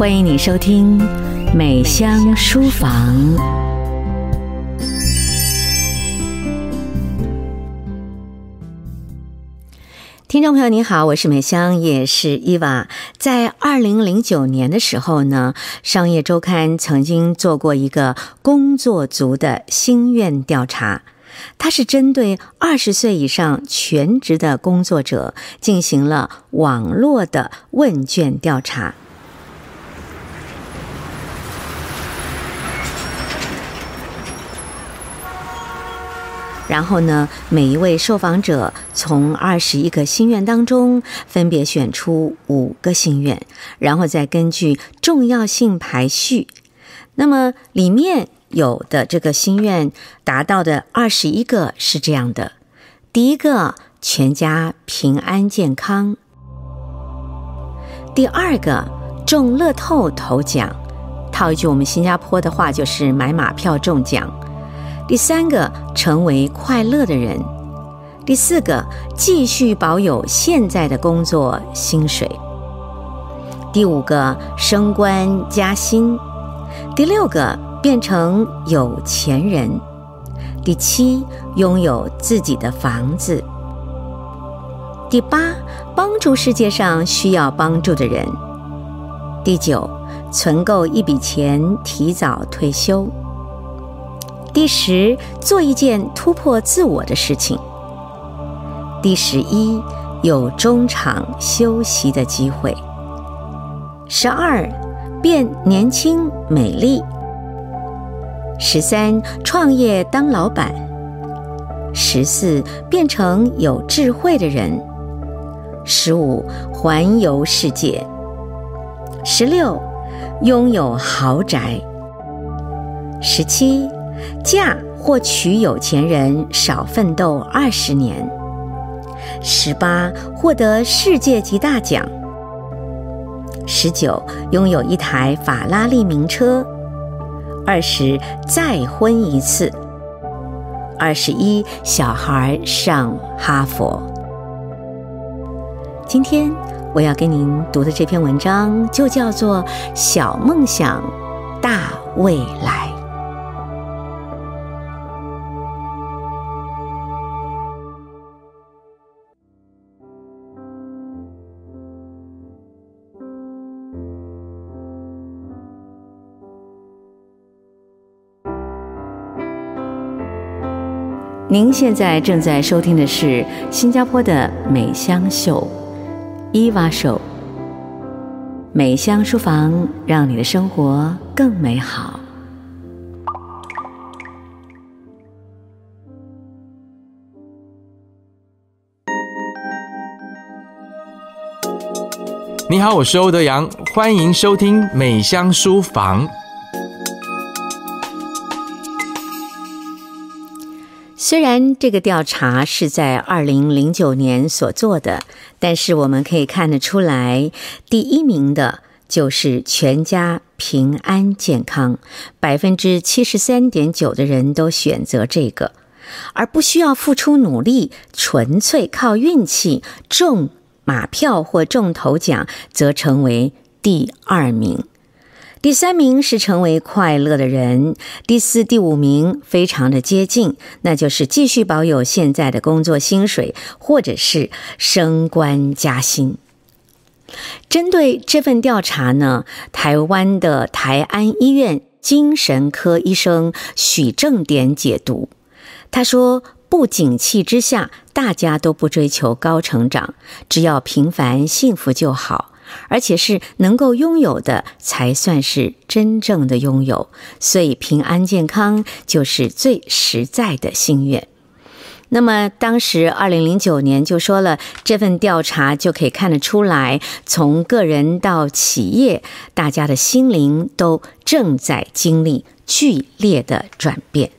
歡迎你收聽《美香書房》。聽眾朋友，你好，我是美香，也是伊娃。在二零零九年的時候呢，《商業週刊》曾經做過一個工作族的心願調查，它是針對二十歲以上全職的工作者進行了網絡的問卷調查。然後呢，每一位受訪者從二十一個心願當中分別選出五個心願，然後再根據重要性排序。那麼裡面有的這個心願達到的二十一個是這樣的：第一個，全家平安健康；第二個，中樂透頭獎。套一句我們新加坡的話，就是買馬票中獎。第三個，成為快樂的人；第四個，繼續保有現在的工作薪水；第五個，升官加薪；第六個，變成有錢人；第七，擁有自己的房子；第八，幫助世界上需要幫助的人；第九，存夠一筆錢，提早退休。第十，做一件突破自我的事情。第十一，有中場休息的機會。十二，變年輕美麗。十三，創業當老闆。十四，變成有智慧的人。十五，環遊世界。十六，擁有豪宅。十七，嫁或娶有錢人，少奮鬥二十年；十八，獲得世界級大獎；十九，擁有一台法拉利名車；二十，再婚一次；二十一，小孩上哈佛。今天我要跟您讀的這篇文章就叫做《小夢想，大未來》。您現在正在收聽的是新加坡的美香秀，伊娃秀。美香書房，讓你的生活更美好。你好，我是歐德陽，歡迎收聽美香書房。雖然這個調查是在二零零九年所做的，但是我們可以看得出來，第一名的就是全家平安健康，百分之七十三點九的人都選擇這個，而不需要付出努力，純粹靠運氣，中馬票或中頭獎，則成為第二名。第三名是成為快樂的人，第四、第五名非常的接近，那就是繼續保有現在的工作薪水，或者是升官加薪。針對這份調查呢，台灣的台安醫院精神科醫生許正典解讀，他說：“不景氣之下，大家都不追求高成長，只要平凡幸福就好。”而且是能夠擁有的，才算是真正的擁有。所以，平安健康就是最實在的心願。那麼，當時二零零九年就說了，這份調查就可以看得出來，從個人到企業，大家的心靈都正在經歷劇烈的轉變。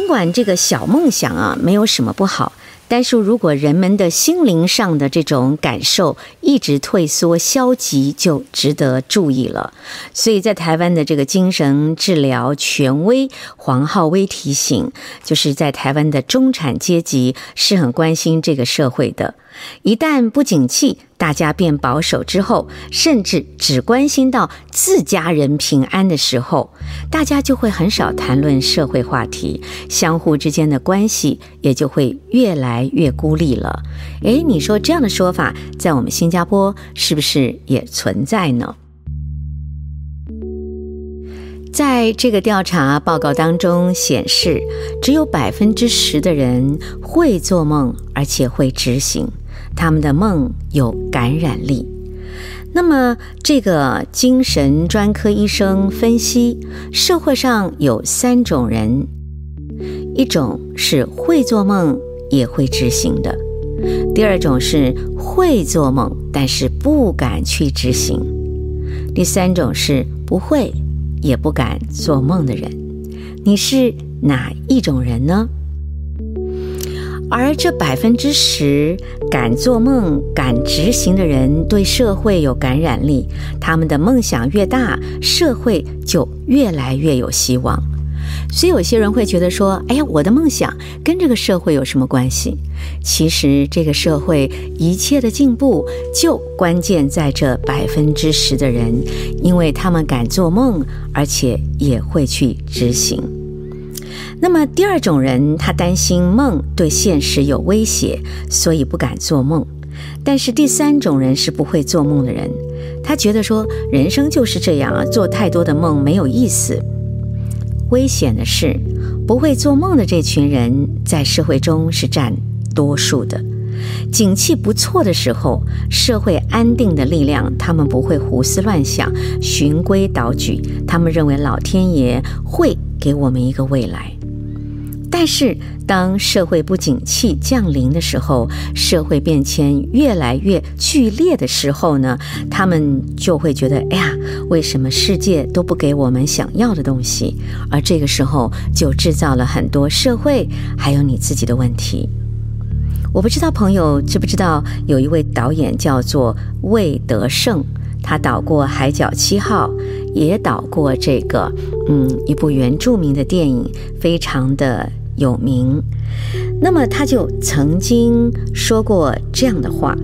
儘管這個小夢想啊，沒有什麼不好，但是如果人們的心靈上的這種感受一直退縮、消極，就值得注意了。所以在台灣的這個精神治療權威，黃浩威提醒，就是在台灣的中產階級是很關心這個社會的。一旦不景氣，大家變保守之後，甚至只關心到自家人平安的時候，大家就會很少談論社會話題，相互之間的關係也就會越來越孤立了。誒，你說這樣的說法在我們新加坡是不是也存在呢？在這個調查報告當中顯示，只有百分之十的人會做夢，而且會執行。他們的夢有感染力。那麼，這個精神專科醫生分析，社會上有三種人：一種是會做夢也會執行的；第二種是會做夢但是不敢去執行；第三種是不會也不敢做夢的人。你是哪一種人呢？而這百分之十敢做夢、敢執行的人，對社會有感染力。他們的夢想越大，社會就越來越有希望。所以有些人會覺得說：“哎呀，我的夢想跟這個社會有什麼關係？”其實，這個社會一切的進步，就關鍵在這百分之十的人，因為他們敢做夢，而且也會去執行。那麼，第二種人，他擔心夢對現實有威脅，所以不敢做夢。但是，第三種人是不會做夢的人，他覺得說，人生就是這樣啊，做太多的夢沒有意思。危險的是，不會做夢的這群人在社會中是占多數的。景氣不錯的時候，社會安定的力量，他們不會胡思亂想，循規蹈矩。他們認為老天爺會給我們一個未來。但是，當社會不景氣降臨的時候，社會變遷越來越劇烈的時候呢，他們就會覺得，哎呀，為什麼世界都不給我們想要的東西？而這個時候，就制造了很多社會還有你自己的問題。我不知道朋友知不知道，有一位導演叫做魏德聖，他導過《海角七號》，也導過這個，嗯，一部原住民的電影，非常的。有名，那麼他就曾經說過這樣的話。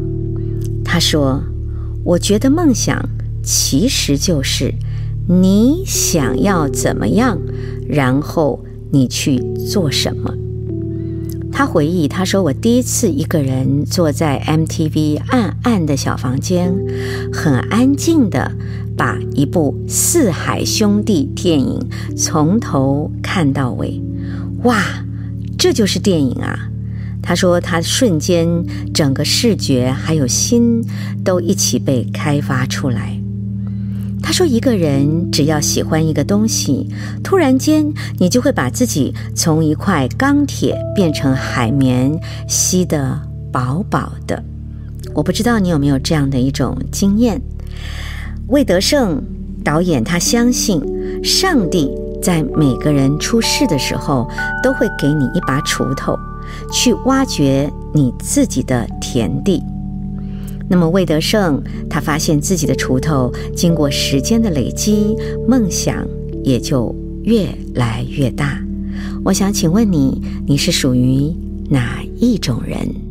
他說：“我覺得夢想其實就是你想要怎麼樣，然後你去做什麼。”他回憶他說：“我第一次一個人坐在 MTV 暗暗的小房間，很安靜的把一部《四海兄弟》電影從頭看到尾。”哇，這就是電影啊！他說，他瞬間整個視覺還有心都一起被開發出來。他說，一個人只要喜歡一個東西，突然間你就會把自己從一塊鋼鐵變成海綿，吸得飽飽的。我不知道你有沒有這樣的一種經驗。魏德聖導演，他相信上帝。在每個人出世的時候，都會給你一把鋤頭，去挖掘你自己的田地。那麼魏德聖，他發現自己的鋤頭經過時間的累積，夢想也就越來越大。我想請問你，你是屬於哪一種人？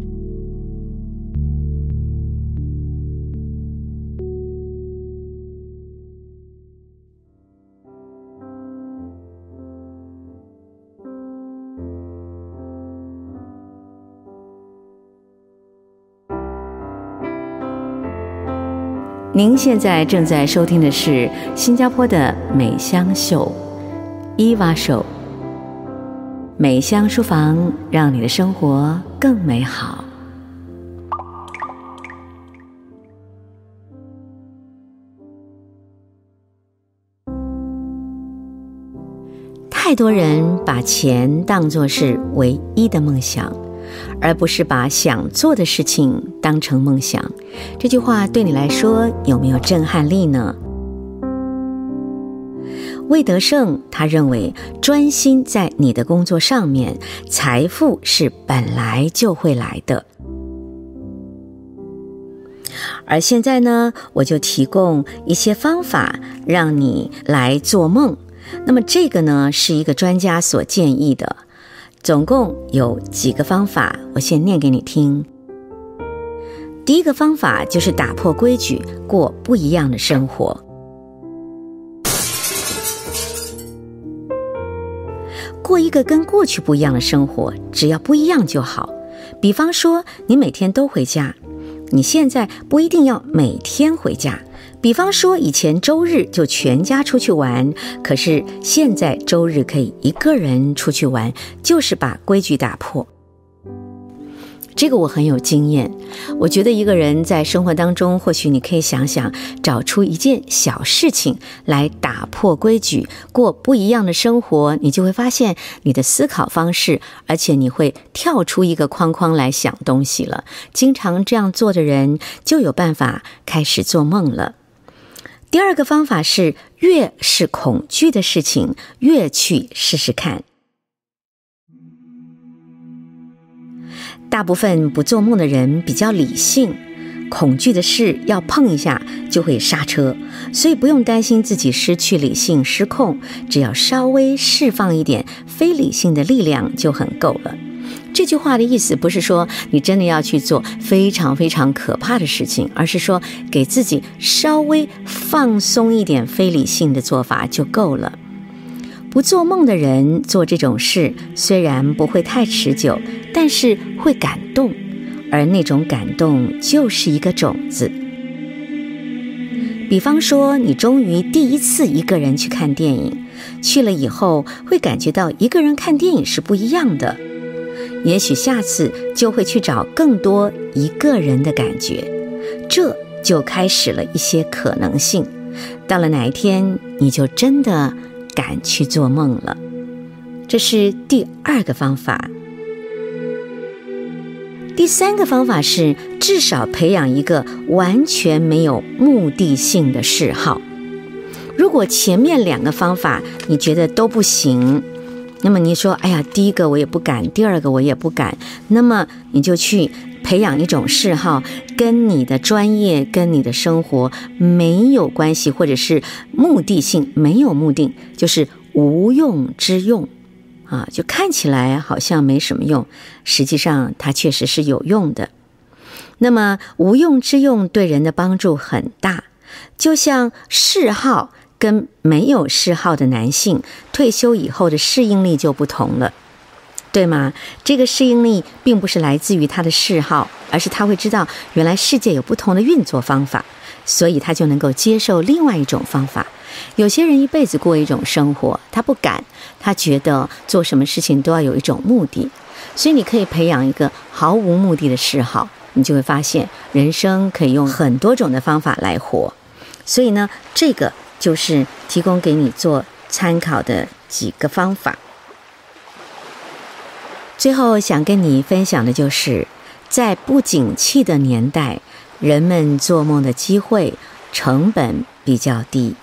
您現在正在收聽的是新加坡的美香秀，Eva Show。美香書房，讓你的生活更美好。太多人把錢當作是唯一的夢想。而不是把想做的事情當成夢想，這句話對你來說有沒有震撼力呢？魏德勝他認為，專心在你的工作上面，財富是本來就會來的。而現在呢，我就提供一些方法讓你來做夢。那麼這個呢，是一個專家所建議的。總共有幾個方法，我先念給你聽。第一個方法就是打破規矩，過不一樣的生活。過一個跟過去不一樣的生活，只要不一樣就好。比方說，你每天都回家，你現在不一定要每天回家。比方說，以前周日就全家出去玩，可是現在周日可以一個人出去玩，就是把規矩打破。這個我很有經驗。我覺得一個人在生活當中，或許你可以想想，找出一件小事情來打破規矩，過不一樣的生活，你就會發現你的思考方式，而且你會跳出一個框框來想東西了。經常這樣做的人，就有辦法開始做夢了。第二個方法是，越是恐懼的事情，越去試試看。大部分不做夢的人比較理性，恐懼的事要碰一下就會剎車，所以不用擔心自己失去理性失控，只要稍微釋放一點非理性的力量就很夠了。這句話的意思不是說你真的要去做非常非常可怕的事情，而是說給自己稍微放鬆一點非理性的做法就夠了。不做夢的人做這種事雖然不會太持久，但是會感動，而那種感動就是一個種子。比方說，你終於第一次一個人去看電影，去了以後會感覺到一個人看電影是不一樣的。也許下次就會去找更多一個人的感覺，這就開始了一些可能性。到了哪一天，你就真的敢去做夢了。這是第二個方法。第三個方法是，至少培養一個完全沒有目的性的嗜好。如果前面兩個方法你覺得都不行，那麼你說，哎呀，第一個我也不敢，第二個我也不敢。那麼你就去培養一種嗜好，跟你的專業、跟你的生活沒有關係，或者是目的性沒有目的，就是無用之用，啊，就看起來好像沒什麼用，實際上它確實是有用的。那麼無用之用對人的幫助很大，就像嗜好。跟沒有嗜好的男性，退休以後的適應力就不同了，對嗎？這個適應力並不是來自於他的嗜好，而是他會知道原來世界有不同的運作方法，所以他就能夠接受另外一種方法。有些人一輩子過一種生活，他不敢，他覺得做什麼事情都要有一種目的，所以你可以培養一個毫無目的的嗜好，你就會發現人生可以用很多種的方法來活。所以呢，這個。就是提供給你做參考的幾個方法。最後想跟你分享的就是，在不景氣的年代，人們做夢的機會成本比較低。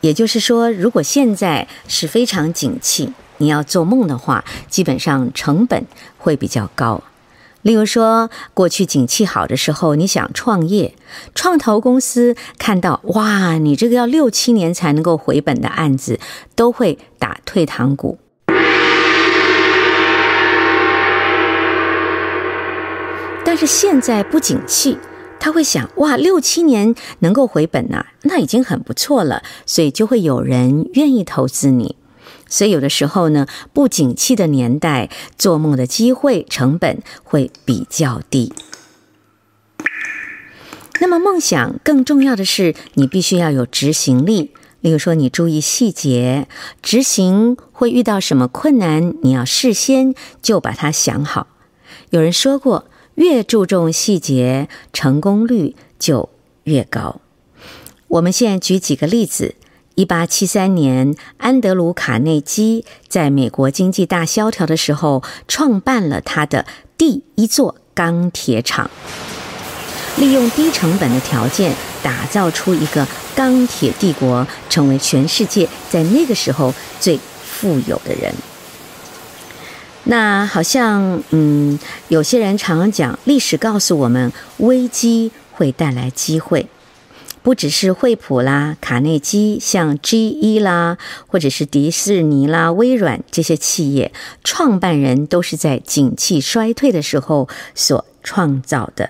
也就是說，如果現在是非常景氣，你要做夢的話，基本上成本會比較高。例如說，過去景氣好的時候，你想創業，創投公司看到哇，你這個要六七年才能夠回本的案子，都會打退堂鼓。但是現在不景氣，他會想哇，六七年能夠回本吶、啊，那已經很不錯了，所以就會有人願意投資你。所以，有的時候呢，不景氣的年代，做夢的機會成本會比較低。那麼，夢想更重要的是，你必須要有執行力。例如說，你注意細節，執行會遇到什麼困難，你要事先就把它想好。有人說過，越注重細節，成功率就越高。我們現在舉幾個例子。一八七三年，安德魯·卡內基在美國經濟大蕭條的時候創辦了他的第一座鋼鐵廠，利用低成本的條件打造出一個鋼鐵帝國，成為全世界在那個時候最富有的人。那好像，嗯，有些人常常講，歷史告訴我們，危機會帶來機會。不只是惠普啦、卡內基，像 GE 啦，或者是迪士尼啦、微軟這些企業，創辦人都是在景氣衰退的時候所創造的。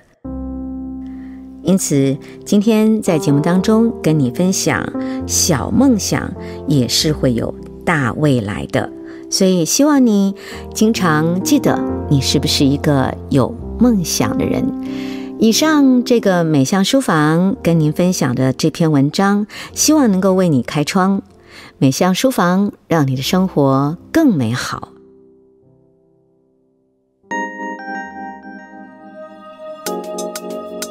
因此，今天在節目當中跟你分享，小夢想也是會有大未來的。所以，希望你經常記得，你是不是一個有夢想的人。以上這個美香書房跟您分享的這篇文章，希望能夠為你開窗。美香書房讓你的生活更美好。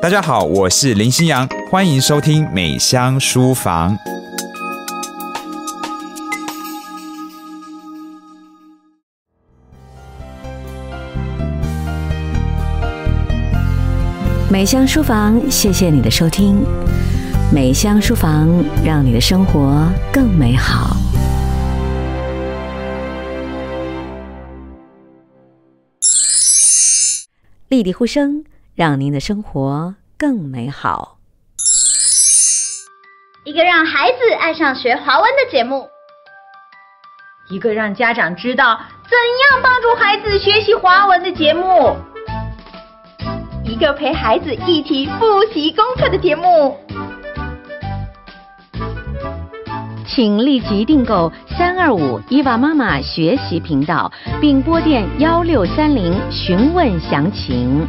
大家好，我是林新陽，歡迎收聽美香書房。美香書房，謝謝你的收聽。美香書房，讓你的生活更美好。麗麗呼聲，讓您的生活更美好。一個讓孩子愛上學華文的節目，一個讓家長知道怎樣幫助孩子學習華文的節目。個陪孩子一起複習功課的節目，請立即訂購三二五伊娃媽媽學習頻道，並撥電幺六三零詢問詳情。